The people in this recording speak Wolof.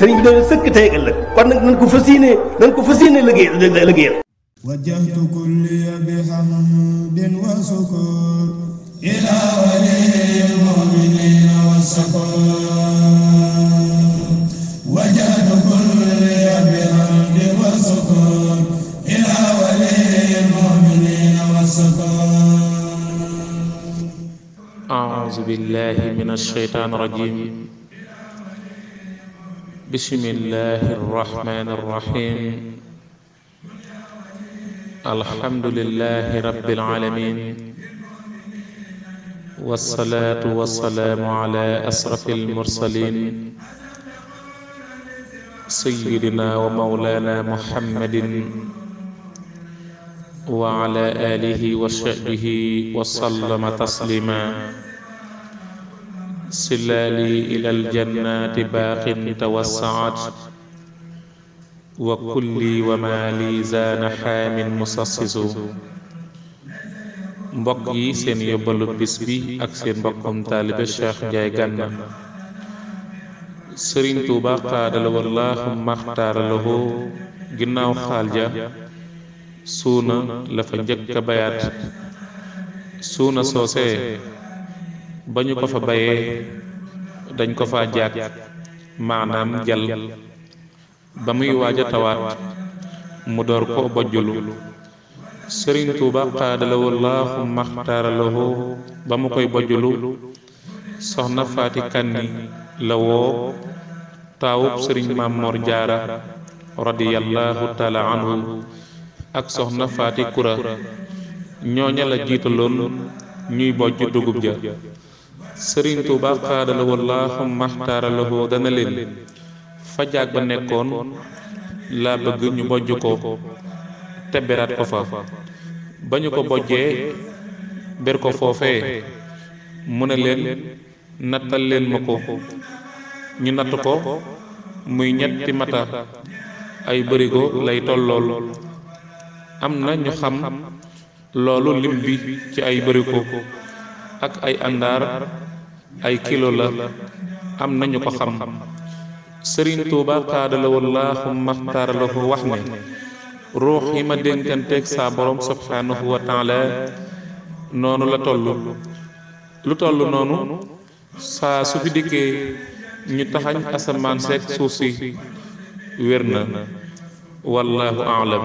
sëriñ bi dañu sëkk tey ëllëg kon nag nañ ko fas yéene nañ ko fas yéene liggéey liggéeyal wajjahtu kulliya bi hamdin wa sukur ila waliyil mu'minin wa sukur wajjahtu kulliya bi hamdin wa sukur ila waliyil mu'minin wa sukur أعوذ بالله من الشيطان الرجيم bismillaahi rahmaani rahiim alhamdulillaahi rabbil aalamiin wassalaatu wassalaamu alaa ashrafil mursaliin sayyidinaa wa mawlaanaa muhammadin wa alaa aalihi wa sahbihi wa sallama tasliimaa silaali ila aljannati baaqin tawassaat wa kulli wa maali zaana xaamin musassisu mbokk yi seen yóbbalu bis bi ak seen mbokkum taalibe Cheikh Ndiaye Gana Sëriñ Tuuba xaadala wallaahu maxtaaralahu ginnaaw xaal ja suuna la fa njëkk bayaat suuna soosee ba ñu ko fa bayee dañ ko fa jaag maanaam jal ba muy waaja tawaat mu door ko bojjulu sëriñ tuuba xaadalawu laaxu maxtaaralahu ba mu koy bojjulu soxna faati kanni la woo taawub sëriñ mamor jaara radiyallahu taala ak soxna faati kura ñooña la jiitaloon ñuy bojj dugub ja sëriñ Tuuba xaadala wallaahu maxtaara la ko dana leen fajaag ba nekkoon laa bëgg ñu bojj ko te beraat ko fa ba ñu ko bojjee ber ko foofee mu ne leen nattal leen ma ko ñu natt ko muy ñetti mata ay bërigo lay tollool am na ñu xam loolu lim bi ci ay bërigo ak ay àndaar ay kilo la am nañu ko xam sëriñ tuuba xaadala wallaahu maxtaaralahu wax ne ruux yi ma dénkanteeg saa borom subhaanahu wa taala noonu la toll lu toll noonu saa su fi dikkee ñu taxañ asamaan seek suuf si wér na wallaahu aalam